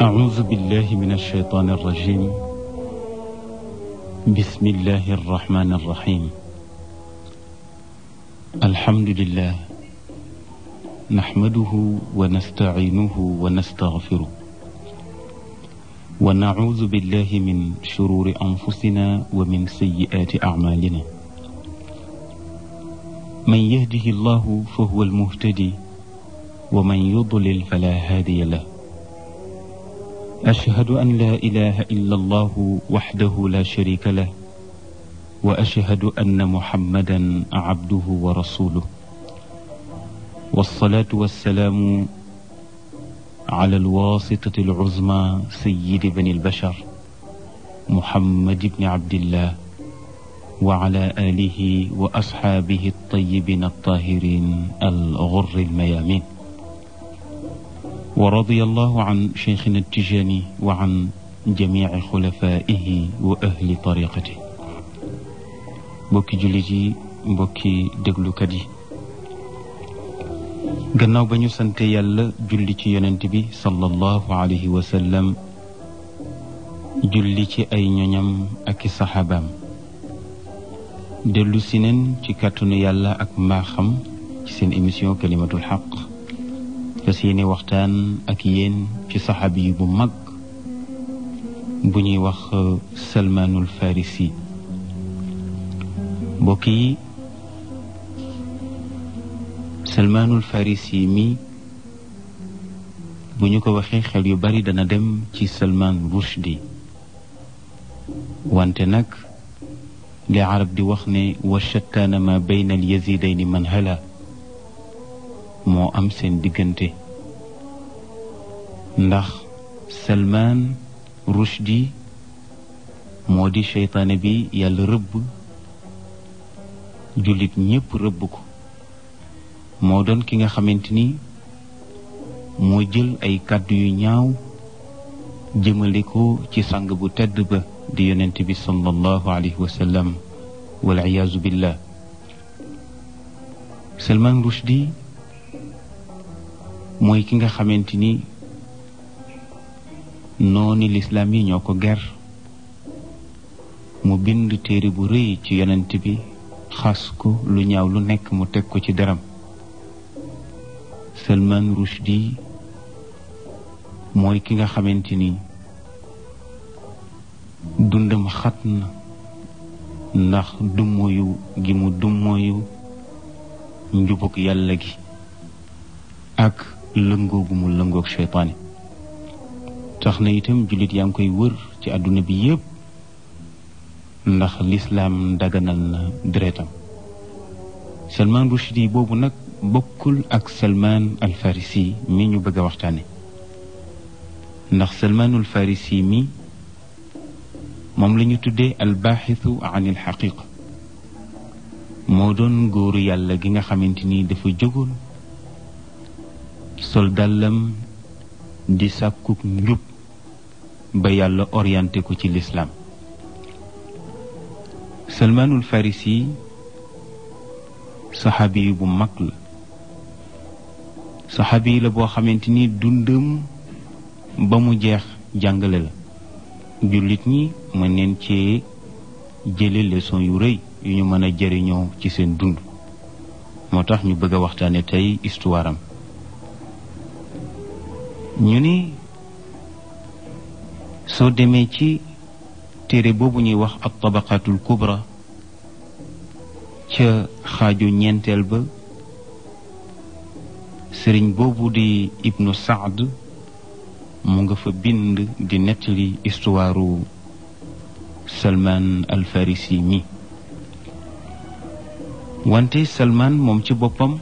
أعوذ بالله من الشيطان الرجيم بسم الله الرحمن الرحيم الحمد لله نحمده ونستعينه ونستغفره ونعوذ بالله من شرور أنفسنا ومن سيئات أعمالنا من يهده الله فهو المهتدي ومن يضلل فلا هادي له أشهد أن لا إله إلا الله وحده لا شريك له وأشهد أن محمدا عبده ورسوله والصلاة والسلام على الواسطة العظمى سيد بني البشر محمد بن عبد الله وعلى آله وأصحابه الطيبين الطاهرين الغر الميامين wa radiyallahu an cheikhina Tijaani wa an jamiici xulafaaihi wa ahli tariqati mbokki jullit yi mbokki déglukat yi gannaaw ba ñu sante yàlla julli ci yonent bi sallallahu alayhi wa sallam julli ci ay ñoñam ak i saxaabaam dellu si ci kàttanu yàlla ak mbaaxam ci seen émission kalimatul xaq fas yéene waxtaan ak yeen ci saxaabi yi bu mag bu ñuy wax euh, salmaanul farisi mbokk yi salmaanul farisi mi bu ñu ko waxee xel yu bari dana dem ci salman rushdi wante nag li arab di wax ne wa shattaana ma bayna al yazidayn man hala moo am seen diggante ndax Salman Rushdi moo di seytaane bi yàlla rëbb jullit ñépp rëbb ko moo doon ki nga xamante ni moo jël ay kàddu yu ñaaw jëmale ko ci sang bu tedd ba di yonent bi sallallahu alayhi wa sallam wal iyaazu billah Salman Rushdi mooy ki nga xamante ni noonu lislaam yi ñoo ko ger mu bind téere bu rëy ci yonent bi xas ko lu ñaaw lu nekk mu teg ko ci deram Salman Rushdie mooy ki nga xamante ni dundam xat na ndax dummoyu gi mu dummoyu njubug yàlla gi ak lëngoogu mu lëngoog seytaane tax na itam jullit yaa ngi koy wër ci àdduna bi yëpp ndax lislaam daganal na deretam Salman Rushdi boobu nag bokkul ak Salman al Farisi mi ñu bëgg waxtaane ndax Salmanul Farisi mi moom la ñu tuddee al baaxitu an moo doon góoru yàlla gi nga xamante ni dafa jógoon sol di sàkkuk njub ba yàlla orienté ko ci lislaam salmaanul farisi saxaabi bu mag la saxaabi la boo xamante ni dundam ba mu jeex jàngale la jullit ñi mën neen ci jële leçon yu rëy yu ñu mën a jëriñoo ci seen dund moo tax ñu bëgg a waxtaane tey histoire ñu ni soo demee ci téere boobu ñuy wax ab tabaqatul kubra ca xaaju ñeenteel ba sëriñ boobu di ibnu saad mu nga fa bind di nettali istuwaaru salmaan alfarisi mi wante salmaan moom ci boppam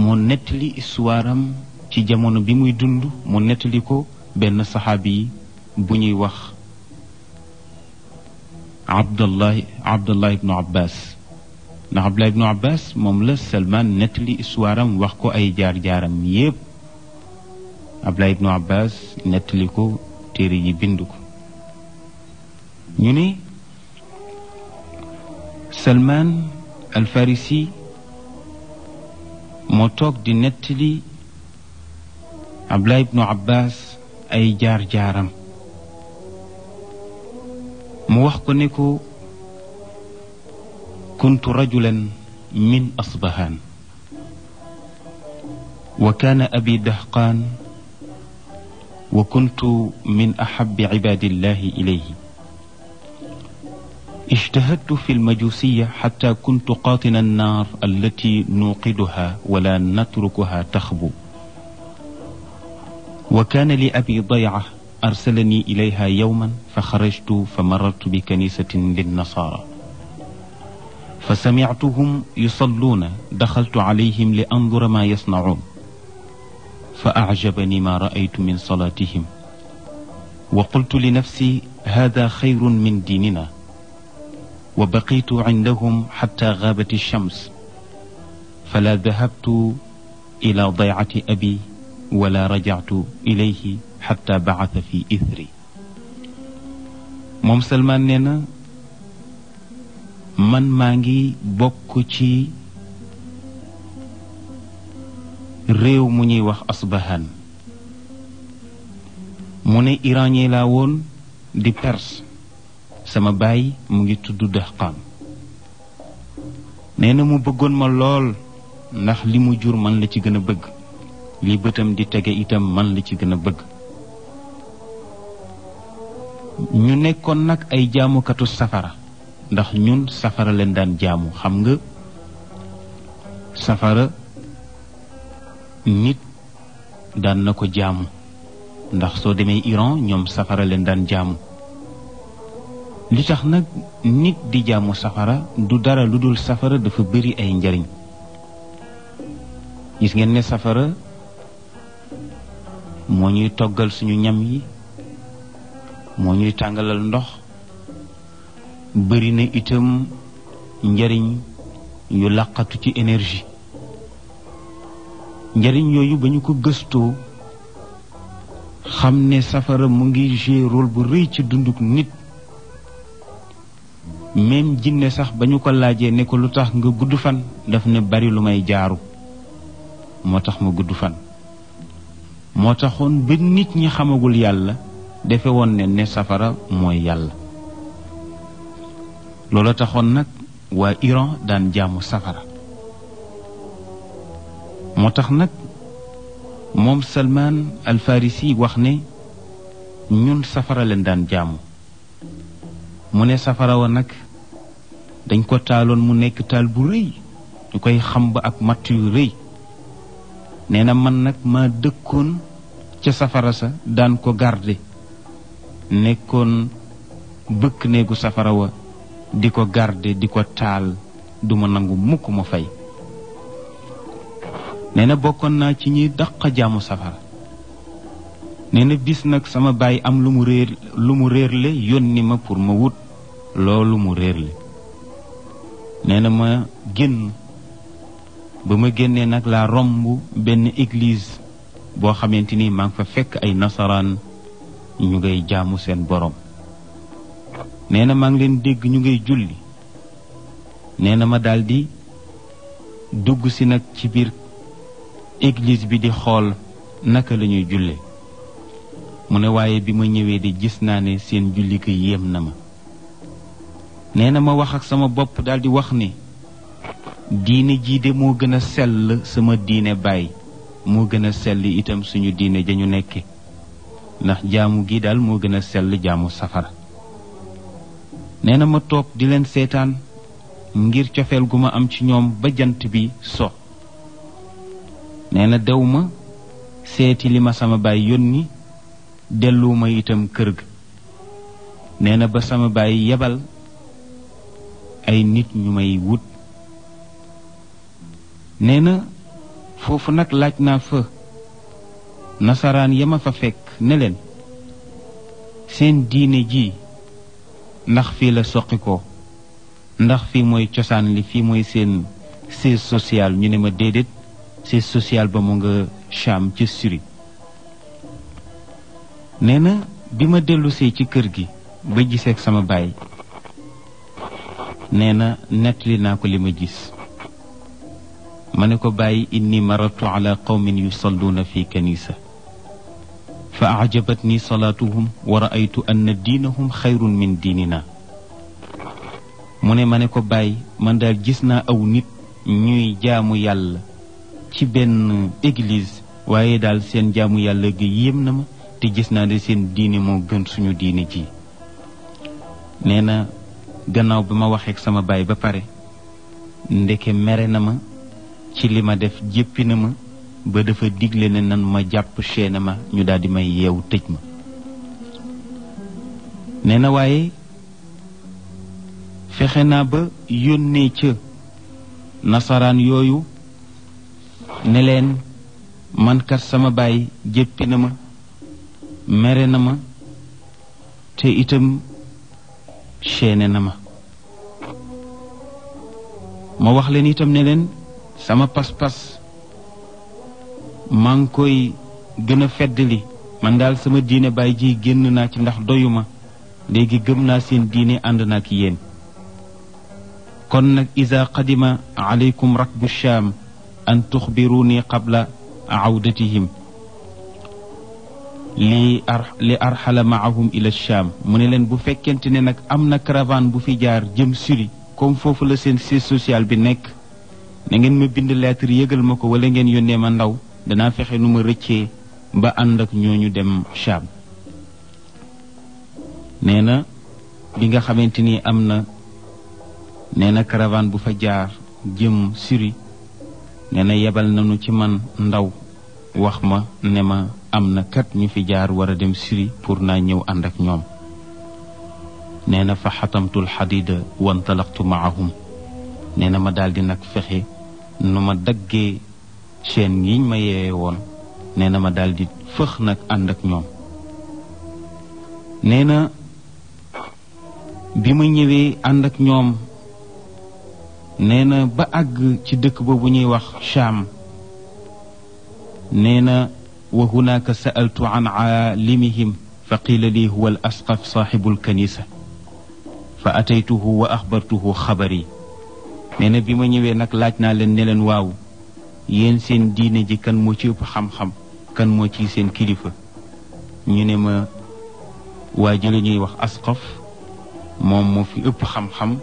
moo nettali istuwaaram ci jamono bi muy dund mu nettali ko benn saxaabi bu ñuy wax abdallah abdallah ibnu abbas ndax abdallah ibnu abbas moom la salman nettali histoire wax ko ay jaar-jaaram yépp abdallah ibnu abbas nettali ko téere yi bind ko ñu ne salman alfarisi moo toog di nettali Abdullah ibnu Abbas ay jaar-jaaram mu wax ko ne ko kuntu rajulan min asbahaan wa kaana abi dahqaan wa kuntu min ahabbi cibaadillahi ilayhi اجتهدت في المجوسية حتى كنت قاطن النار التي نوقدها ولا نتركها تخبو wa kaana li abi daya arsalani ilayha yowman fa xarajtu fa marartu bi kanisatin linnasaara fa samictuhum yusalluuna daxaltu calayhim li andura maa yasnacuun fa acjabani maa raaytu min salaatihim wa qultu li nafsi hada xayrun min diinina wa baqitu cindahum xata gaabat alchams fala dahabtu ila daycati abi wala rajactu ilayhi xatta bacata fi ithri moom Salmaan nee na man maa ngi bokk ci réew mu ñuy wax Asbahan mu ne iranien laa woon di perse sama baay mu ngi tudd Dahqaan nee na mu bëggoon ma lool ndax li mu jur man la ci gën a bëgg li bëtam di tege itam man la ci gën a bëgg ñu nekkoon nag ay jaamukatu safara ndax ñun safara leen daan jaamu xam nga safara nit daan na ko jaamu ndax soo demee Iran ñoom safara leen daan jaamu li tax nag nit di jaamu safara du dara lu dul safara dafa bari ay njariñ gis ngeen ne safara moo ñuy toggal suñu ñam yi moo ñuy tàngalal ndox bari na itam njariñ yu làqatu ci energie njariñ yooyu ba ñu ko gëstoo xam ne safara mu ngi jouer rôle bu rëy ci dunduk nit même jinne sax ba ñu ko laajee ne ko lu tax nga gudd fan daf ne bari lu may jaaru moo tax ma gudd fan moo taxoon ba nit ñi xamagul yàlla defe woon ne ne safara mooy yàlla loola taxoon nag waa Iran daan jaamu safara moo tax nag moom Salman al Farisi wax ne ñun safara leen daan jaamu mu ne safara wa nag dañ ko taaloon mu nekk taal bu rëy ñu koy xam ak matt yu rëy nee na man nag ma dëkkoon ca safara sa daan ko garde nekkoon bëkk néegu safara wa di ko garde di ko taal duma nangu mukk ma fay nee na bokkoon naa ci ñuy daq jaamu safara nee na bis nag sama baay am lu mu réer lu mu réerle yónni ma pour ma wut loolu mu réerle nee na ma génn ba ma génnee nag laa romb benn église boo xamante ni maa fa fekk ay nasaraan ñu ngay jaamu seen borom nee na maa ngi leen dégg ñu ngay julli nee na ma daldi dugg si nag ci biir église bi di xool naka la ñuy julle mu ne waaye bi ma ñëwee di gis naa ne seen julli ko yéem na ma nee na ma wax ak sama bopp daldi wax ni diine jii de moo gën a sell sama diine baay moo gën a sell itam suñu diine ja ñu nekke ndax jaamu gi daal moo gën a sell jaamu safara nee na ma toog di leen seetaan ngir cofeel gu ma am ci ñoom ba jant bi so nee na dew ma seeti li ma sama baay yónni delluwuma itam kër ga nee na ba sama baay yebal ay nit ñu may wut nee na foofu nag laaj naa fa nasaraan ya ma fa fekk ne leen seen diine ji ndax fii la soqi ko ndax fii mooy cosaan li fii mooy seen siège social ñu ne ma déedéet siège social ba mu nga Cham ca Syrie nee na bi ma dellusee ci kër gi ba giseek sama baay nee na nettali naa ko li ma gis ma ne ko bàyyi inni maratu yu qawmin yusalluuna fi kanisa fa ni salaatuhum wa raaytu anna diinahum xayrun min diinina mu ne ma ne ko bàyyi man daal gis naa aw nit ñuy jaamu yàlla ci benn église waaye daal seen jaamu yàlla gi yéem na ma te gis naa ne seen diini moo gën suñu diine ji nee na gannaaw bi ma waxeek sama baay ba pare ndeke mere na ma ci li ma def jéppi na ma ba dafa digle ne nan ma jàpp chaine ma ñu daal may yeew tëj ma nee na waaye fexe naa ba yónnee ca nasaraan yooyu ne leen mankat sama baay jéppi na ma mere na ma te itam chaine na ma ma wax leen itam ne sama pas-pas maa ngi koy gën a feddali man daal sama diine bàyyi ji génn naa ci ndax doyu ma léegi gëm naa seen diine ànd naa ki yéen kon nag isa qadima aleykum rakbu shaam an tuxbiruni qabla awdatihim li ar li arxala maahum ila shaam mu ne leen bu fekkente ne nag am na caravane bu fi jaar jëm suri comme foofu la seen siège social bi nekk na ngeen ma bind lettre yëgal ma ko wala ngeen yónnee ma ndaw danaa fexe nu ma rëccee ba ànd ak ñooñu dem Cham nee na bi nga xamante ni am na nee na caravane bu fa jaar jëm siri nee na yebal nañu ci man ndaw wax ma ne ma am na kat ñu fi jaar war a dem siri pour naa ñëw ànd ak ñoom nee na fa xatamtul xadida wantalaqtu maahum nee na ma daal nag fexe nu ma dagge chaîne yiñ ma yeewee woon nee na ma daldi di fëx nag ànd ak ñoom nee na bi ma ñëwee ànd ak ñoom nee na ba àgg ci dëkk boobu ñuy wax Cham nee na wa hunaka sa'altu an aalimihim fa qiila lii huwa al asqaf saaxibu lkanisa fa ataytuhu wa axbartuhu xabari nee na bi ma ñëwee nag laaj naa leen ne leen waaw yéen seen diine ji kan moo ci ëpp xam-xam kan moo ci seen kilifa ñu ne ma waa ji ñuy wax askof moom moo fi ëpp xam-xam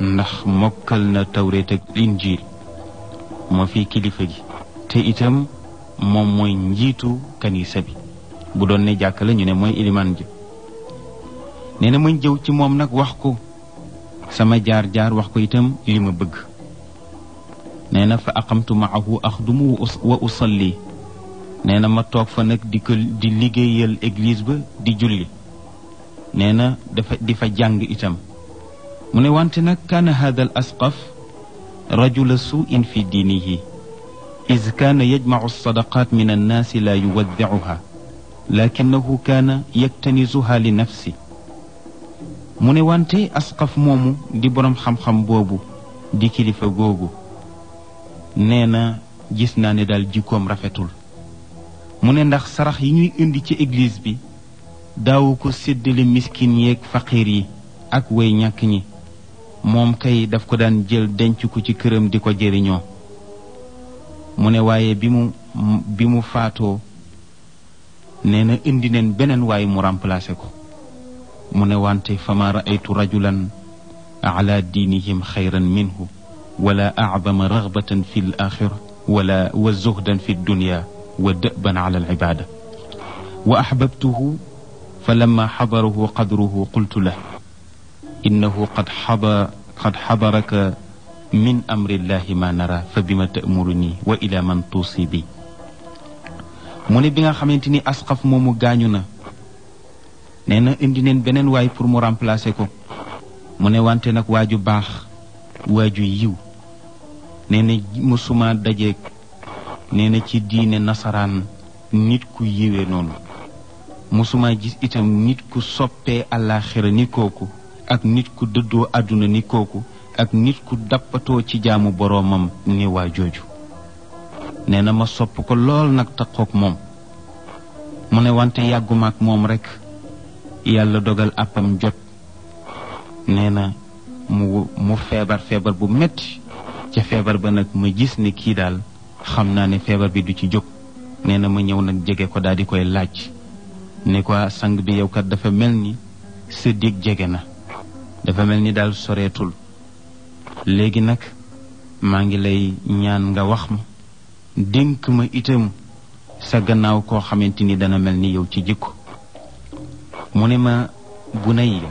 ndax mokkal na tawret ak injiil moo fi kilifa ji te itam moom mooy njiitu kanisa bi bu doon ne jàkk la ñu ne mooy ilimaan ji nee na jëw ci moom nag wax ko sama jaar-jaar wax ko itam li ma bëgg nee na fa aqamtu maahu axdumu wa usalli nee na ma toog fa nag di ko di liggéeyal ba di julli nee na dafa di fa jàng itam mu ne wante nag kaana hada al asqaf rajula suin fi diinihi is kaana yajmacu sadaqaat min annaasi laa yuwaddicuha lakinahu kaana yaktanizuha li nafsi mu ne wante asqaf moomu di boroom xam-xam boobu di kilifa googu nee na gis naa ne daal jikkoom rafetul mu ne ndax sarax yi ñuy indi ci église bi daawu ko séddale miskin yeeg faqiir yi ak way ñàkk ñi moom kay daf ko daan jël denc ko ci këram di ko jëriñoo mu ne waaye bi mu bi mu faatoo nee na indi neen beneen waaye mu remplacé ko mu ne wante fama raaytu rajulan ala diinihim xayran minhu wala acdama ragbatan fi l axira wala wa zuhdan fi dunya wa dëban ala alcibaada wa axbabtuhu fa lama xadarahu qadruhu qultu lah innahu qad xada qad xadaraka min amrillahi ma nara fa bima ta'muruni wa ila man tuusi bi mu ne bi nga xamante ni asqaf moomu gaañu na nee na indi neen beneen waay pour mu remplacer ko mu ne wante nag waa ju baax waa waaju yiw nee na mësuma dajeeg nee na ci diine nasaraan nit ku yiwee noonu mësuma gis itam nit ku soppee àllaaxira ak nit ku dëddoo àdduna ni ak nit ku dappatoo ci jaamu boroomam ni waa jooju nee na ma sopp ko lool nag taqoog moom mu ne wante yàggumaak moom rekk yàlla dogal àppam jot nee na mu mu feebar feebar bu metti ca feebar ba nag ma gis ni kii daal xam naa ne feebar bi du ci jóg nee na ma ñëw nag jege ko daal di koy laaj ne ko ah, sang bi yow kat dafa mel ni sa jege na dafa mel ni daal soreetul léegi nag maa ngi lay ñaan nga wax ma dénk ma itam sa gannaaw koo xamante ni dana mel ni yow ci jikko mu ne ma bunayya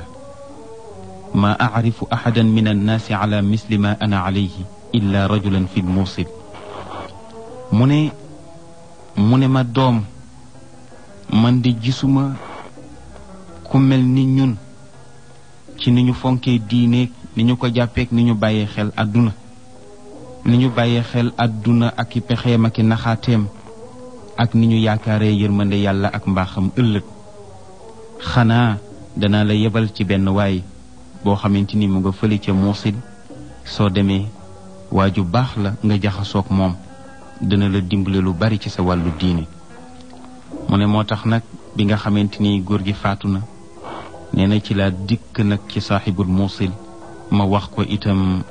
ma acrifu axadan min annaasi ala misli ma ana calayhi illa rajulan fi lmuusib mu ne mu ne ma doom man di gisuma ku mel ni ñun ci ni ñu fonkee diineeg ni ñu ko jàppeeg ni ñu bàyyee xel àdduna ni ñu bàyyee xel àdduna ak i pexeem ak i naxaateem ak ni ñu yaakaaree yërmande yàlla ak mbaaxam ëllëg xanaa danaa la yebal ci benn waay boo xamante ni mu nga fële ca muusil soo demee waa ju baax la nga jaxasoog moom dina la dimbale lu bari ci sa wàllu diine mu ne moo tax nag bi nga xamante ni góor gi faatu na nee na ci laa dikk nag ci saaxibul muusil ma wax ko itam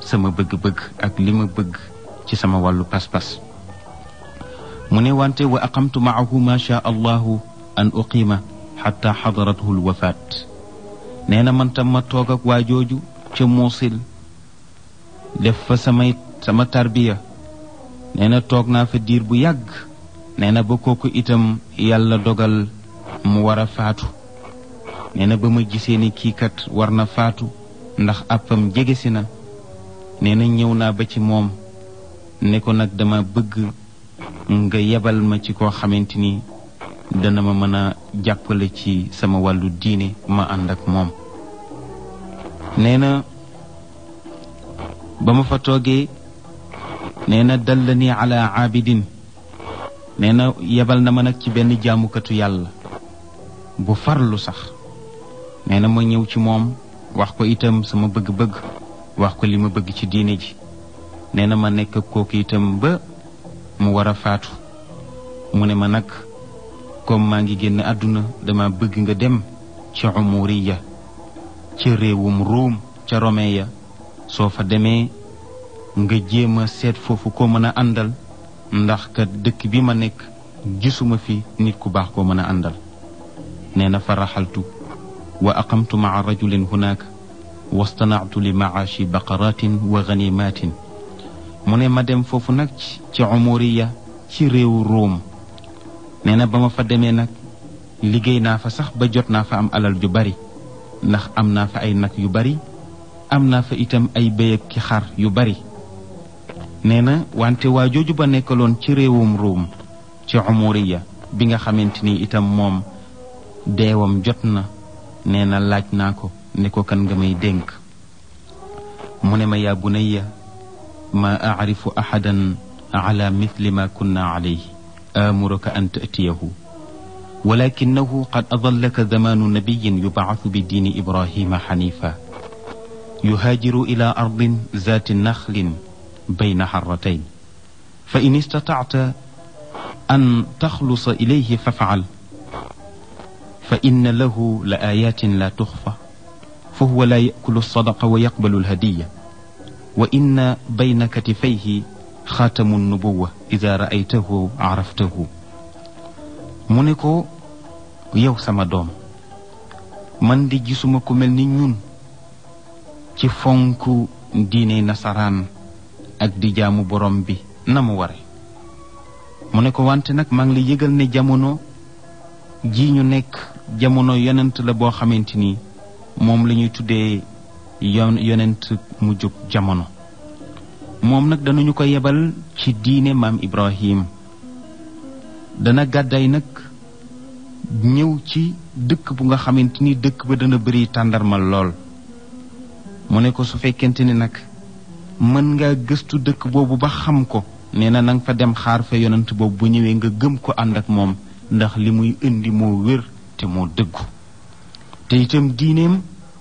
sama bëgg-bëgg ak li ma bëgg ci sama wàllu pas-pas mu ne wante wa aqamtu maahu ma sha allahu an uqima xataa xadarathu lwafaat nee na man tam ma toog ak waa jooju ca muusil def fa samay sama tarbiya nee na toog naa fa diir bu yàgg nee na ba kooku itam yàlla dogal mu war a faatu nee na ba ma gisee ni kiikat war na faatu ndax àppam jege si na nee na ñëw naa ba ci moom ne ko nag dama bëgg nga yebal ma ci koo xamante ni dana ma mën a jàppale ci sama wàllu diine ma ànd ak moom nee na ba ma fa toogee nee na dalla ni ala na yebal na ma nag ci benn jaamukatu yàlla bu farlu sax nee na ma ñëw ci moom wax ko itam sama bëgg-bëgg wax ko li ma bëgg ci diine ji nee na ma nekk kooku itam ba mu war a faatu mu ne ma nag comme maa ngi génn àdduna dama bëgg nga dem ca umuriya ca réewum ruum ca romeya soo fa demee nga jéem a seet foofu ko mën a àndal ndax kat dëkk bi ma nekk gisuma fi nit ku baax koo mën a àndal nee na fa raxaltu wa aqamtu maa rajulin hunaaka wastanactu li maashi baqaratin wa ganimatin mu ne ma dem foofu nag ci umuriya ci réewu ruum nee na ba ma fa demee nag liggéey naa fa sax ba jot naa fa am alal ju bari ndax am naa fa ay nag yu bari am naa fa itam ay béy ak ki xar yu bari nee na wante waa jooju ba nekkaloon ci réewum ruum ci umuriya bi nga xamante ni itam moom deewam jot na nee na laaj naa ko ne ko kan nga may dénk mu ne ma yaa bunayya ma aarifu ahadan ala mithli ma kunna alayhi آمرك أن تأتيه ولكنه قد أظلك زمان نبي يبعث بدين إبراهيم حنيفا يهاجر إلى أرض ذات نخل بين حرتين فإن استطعت أن تخلص إليه فافعل فإن له لآيات لا تخفى فهو لا يأكل الصدقة ويقبل الهدية وإن بين كتفيه خاتم النبوة ida raaytahu araftahu mu ne ko yow sama doom man di gisuma ku mel ni ñun ci fonk diine nasaraan ak di jaamu borom bi na mu ware mu ne ko wante nag mag ngi la yëgal ne jamono ji ñu nekk jamono yonent la boo xamante ni moom lañuy tuddee yon yonent mu jóg jamono moom nag danañu ko yebal ci diine maam Ibrahim dana gàdday nag ñëw ci dëkk bu nga xamante ni dëkk ba dana bëri tàndarmal lool mu ne ko su fekkente ne nag mën nga gëstu dëkk boobu ba xam ko nee na na fa dem xaar fa yonent boobu bu ñëwee nga gëm ko ànd ak moom ndax li muy indi moo wér te moo dëggu te itam diineem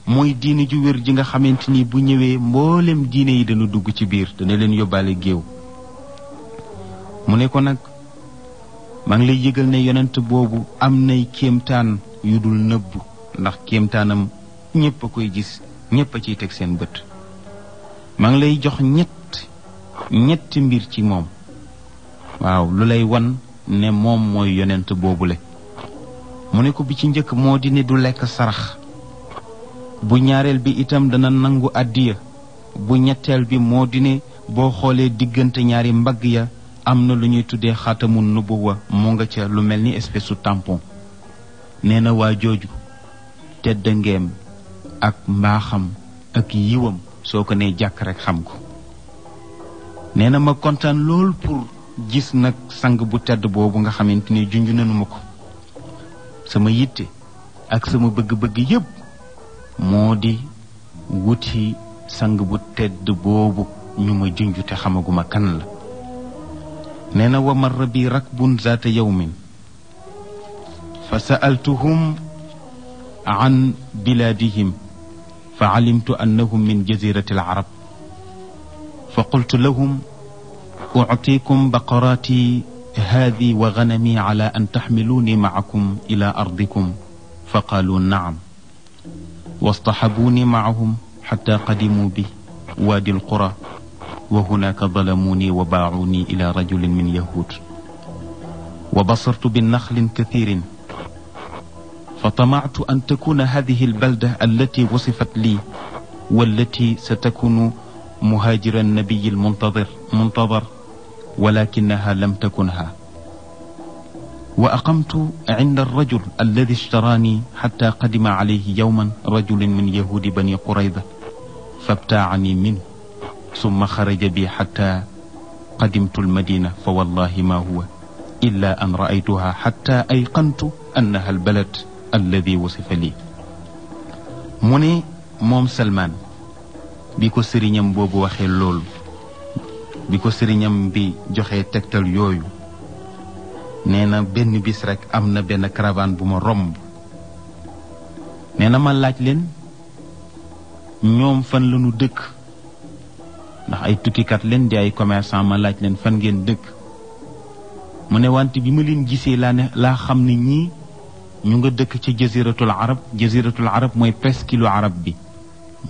mooy diine ju wér ji nga xamante ni bu ñëwee mboolem diine yi dana dugg ci biir dana leen yóbbaale géew mu ne ko nag maa ngi lay yëgal ne yonent boobu am nay kéemtaan yu dul nëbbu ndax kéemtaanam ñépp a koy gis ñépp a ciy teg seen bët maa ngi lay jox ñett ñetti mbir ci moom waaw lu lay won ne moom mooy yonent boobule mu ne ko bi ci njëkk moo di ne du lekk sarax bu ñaareel bi itam dana nangu àddiya bu ñetteel bi moo di ne boo xoolee diggante ñaari mbagg ya am na lu ñuy tuddee xaatamu nubuwa mu nga ca lu mel ni espèce su tampon nee na waa jooju tedd ngeem ak mbaaxam ak yiwam soo ko nee jàkk rekk xam ko nee na ma kontaan lool pour gis nag sang bu tedd boobu nga xamante ni junj nanu ma ko sama yitte ak sama bëgg-bëgg yépp moo di wuti sang bu tedd boobu ñu ma junj te xamaguma kan la nee na wa marra bi rakbun zaata yawmin fa sa'altuhum an bilaadihim fa alimtu annahum min jazirati al-arab fa qultu lahum uctiikum baqaraati haadi wa ganami ala an taxmiluuni macakum ila ardikum fa qaalu naam واصطحبوني معهم حتى قدموا بي وادي القرى وهناك ظلموني وباعوني إلى رجل من يهود وبصرت بالنخل كثير فطمعت أن تكون هذه البلدة التي وصفت لي والتي ستكون مهاجر النبي المنتظر منتظر ولكنها لم تكنها wa aqamtu inda arrajul alladi ishtaraani xatta qadima alayhi yowman rajulin min yahudi bani qurayda fabtaacani minhu summa xaraja bi xatta qadimtu almadina fa wallahi ma huwa illa an raaytuha xatta ayqantu annaha albalad alladi wasifa lii mu ne moom Salmaan bi ko sëriñam boobu waxee loolu bi ko sëriñam bi joxee tegtal yooyu nee na benn bis rekk am na benn caravane bu ma romb nee na ma laaj leen ñoom fan lañu dëkk ndax ay tukkikat leen di ay commerçant ma laaj leen fan ngeen dëkk mu ne wante bi ma leen gisee laa ne laa xam ne ñii ñu nga dëkk ca jaziratul arab jaziratul arab mooy presqu'île arab bi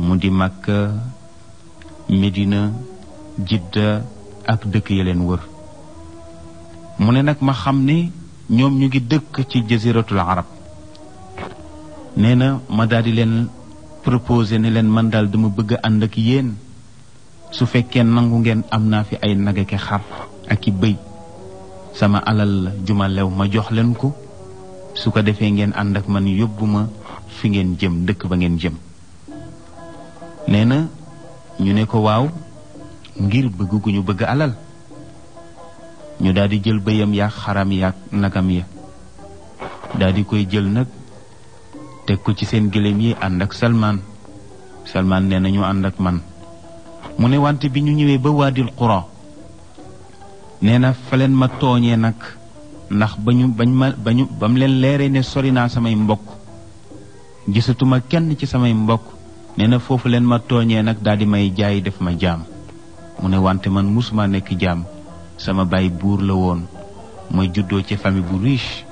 mu di mag Medina Jidda ak dëkk ya leen wër mu ne nag ma xam ni ñoom ñu ngi dëkk ci jaziratul arab nee na ma daal leen propose ne leen man daal dama bëgg ànd ak yéen su fekkee nangu ngeen am naa fi ay nag ak xar ak i bëy sama alal la jumalew ma jox leen ko su ko defee ngeen ànd ak man yóbbu ma fi ngeen jëm dëkk ba ngeen jëm nee na ñu ne ko waaw ngir bëgg bëgg alal ñu daal di jël bayam yaag xaram yaag nagam ya daldi koy jël nag teg ko ci seen gëléem yi ànd ak Salmaan Salmaan nee nañu ñu ànd ak man mu ne wante bi ñu ñëwee ba waa waadil qura nee na fa leen ma tooñee nag ndax ba ñu mu leen leeree ne sori naa samay mbokk gisatuma kenn ci samay mbokk nee na foofu leen ma tooñee nag daal di may jaay def ma jaam mu ne wante man musuma nekk jaam sama baay buur la woon mooy juddoo ci famille bu riche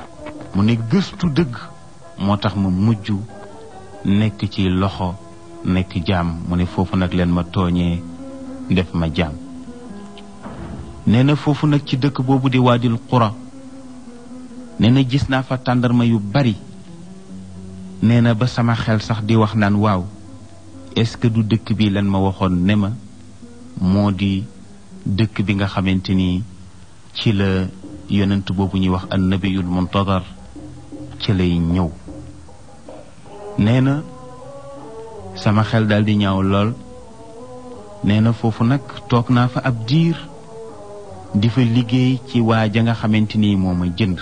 mu ne gëstu dëgg moo tax ma mujj nekk ci loxo nekk jaam mu ne foofu nag leen ma tooñee def ma jaam nee na foofu nag ci dëkk boobu di waadil qura nee na gis naa fa tàndarma yu bari nee na ba sama xel sax di wax naan waaw est-ce que du dëkk bii leen ma waxoon ne ma moo di dëkk bi nga xamante ni ci la yonent boobu ñuy wax yu moom muntadar ci lay ñëw nee na sama xel daldi di ñaaw lool nee na foofu nag toog naa fa ab diir di fa liggéey ci waa ja nga xamante ni moo ma jënd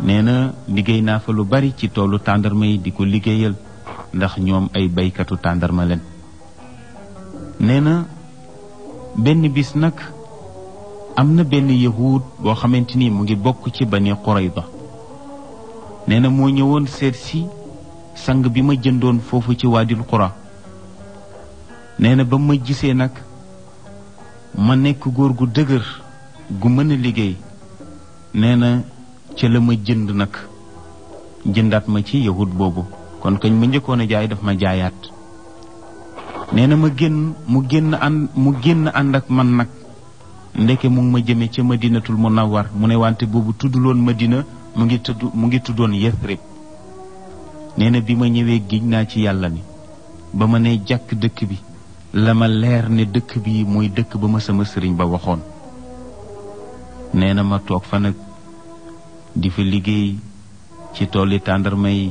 nee na liggéey naa fa lu bari ci toolu tàndarma yi di ko liggéeyal ndax ñoom ay baykatu tàndarma leen nee na benn bis nag am na benn yahuud boo xamante ni mu ngi bokk ci bani Qurayda nee na moo ñëwoon seet si sang bi ma jëndoon foofu ci waadil qura nee na ba ma gisee nag ma nekk góor gu dëgër gu mën a liggéey nee na ca la jënd nag jëndaat ma ci yahud boobu kon kañ ma njëkkoon a jaay daf ma jaayaat nee na ma génn mu génn ànd mu génn ànd ak man nag ndeke mu ngi ma jëme ca madinatul munawwar mu ne wante boobu tudduloon madina mu ngi mu ngi tuddoon yesrib nee na bi ma ñëwee giñ naa ci yàlla ni ba ma ne jàkk dëkk bi la ma leer ne dëkk bi muy dëkk ba ma sama sëriñ ba waxoon nee na ma toog fa nag di fa liggéey ci tooli tàndarma yi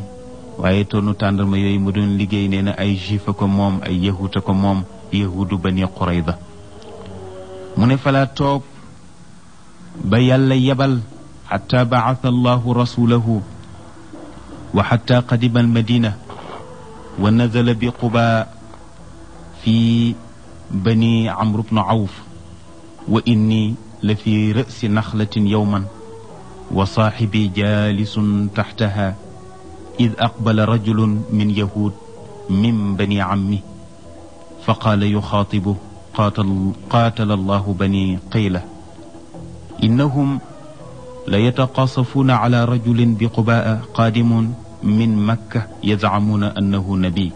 waaye tonu tàndarma yooyu mu doon liggéey nee na ay juif a ko moom ay yahuud a ko moom yahuudu bani Qurayda mu ne fala toog ba yàlla yebal xata baata allahu rasulahu wa xata qadima almadina wa nazala bi quba fi bani amru bnu awf wa inni la fi ra'si naxlatin yowman wa saaxibi jaalisun taxtaha id aqbala rajulun min yahud min bani ammi fa qaala yuxaatibu qaatala allahu bani qiyla innahum la yataqaasafuuna ala rajulin bi qubaa qaadimun min makka yazcamuuna annahu nabi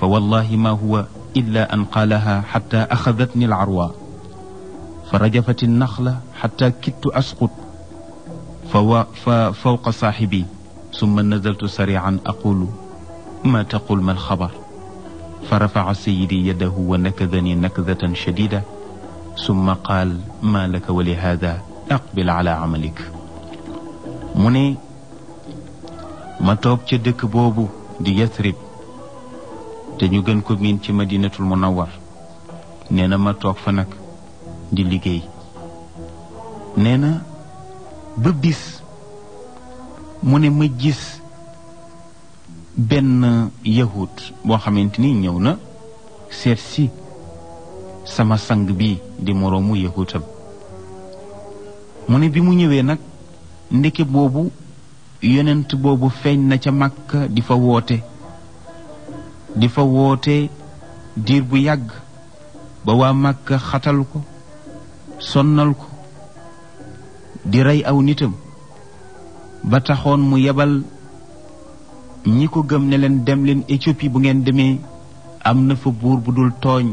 fa wallahi ma huwa illa an qaalaha xataa axadatni alcarwa fa rajafat innaxla xataa kittu asqut fa fawqa saaxibi summa nazaltu sarian aqulu ma taqul ma alxabar fa rafaca sayidi yadahu wa nakadani nakdatan shadida summa qaal ma laka wa li hada aqbil ala amalik mu ne ma toog ca dëkk boobu di yasrib te ñu gën ko miin ci madinatul munawar nee na ma toog fa nag di liggéey nee na ba bis mu ne ma gis benn yahut boo xamante ni ñëw na seet si sama sang bi di moroomu yahutam mu ne bi mu ñëwee nag ndeke boobu yonent boobu feeñ na ca màkk di fa woote di fa woote diir bu yàgg ba waa màkk xatal ko sonnal ko di rey aw nitam ba taxoon mu yebal ñi ko gëm ne leen dem leen Éthiopie bu ngeen demee am na fa buur bu dul tooñ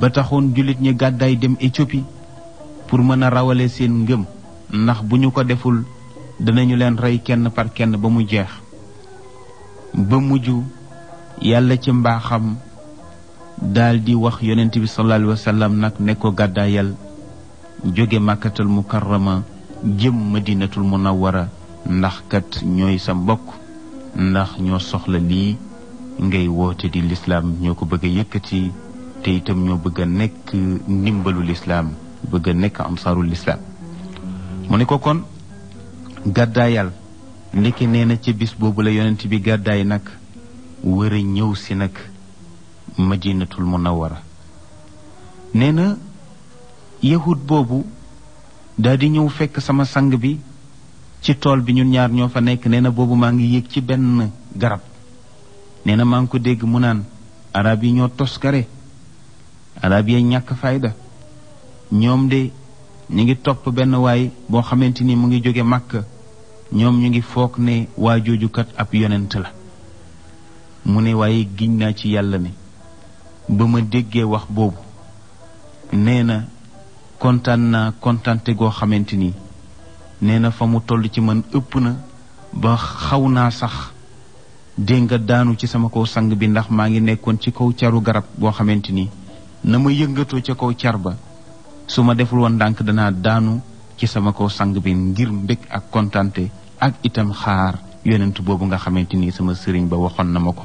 ba taxoon jullit ñi gàddaay dem Éthiopie pour mën a rawale seen ngëm ndax bu ñu ko deful danañu leen rey kenn par kenn ba mu jeex ba mujj yàlla ci mbaaxam daldi wax yonent bi sallallahu alayhi nag ne ko gàddaayal jóge màkkatal mukarrama jëm madinatul munawwara ndax kat ñooy sa mbokk ndax ñoo soxla lii ngay woote di lislaam ñoo ko bëgg a yëkkati te itam ñoo bëgg nekk ndimbalu lislaam bëgg a nekk ansaaru lislaam mu ne ko kon gàddaayal ndeke nee na ca bis boobu la yonent bi gàddaay nag war ñëw si nag madinatul munawwara nee na yahud boobu daldi ñëw fekk sama sang bi ci tool bi ñun ñaar ñoo fa nekk nee na boobu maa ngi yéeg ci benn garab nee na maa ngi ko dégg mu naan arab yi ñoo toskare arab yee ñàkk fayda ñoom de ñu ngi topp benn waay boo xamante ni mu ngi jóge màkk ñoom ñu ngi foog ne waa joojukat ab yonent la mu ne waaye giñ naa ci yàlla ne ba ma déggee wax boobu nee na kontaan naa kontante goo xamante ni nee na fa mu toll ci man ëpp na ba xaw naa sax dégg nga daanu ci sama kaw sang bi ndax maa ngi nekkoon ci kaw caru garab boo xamante ni na ma yëngatoo ca kaw car ba su ma deful woon ndànk danaa daanu ci sama kaw sang bi ngir mbég ak kontante ak itam xaar yonent boobu nga xamante ni sama sëriñ ba waxoon na ma ko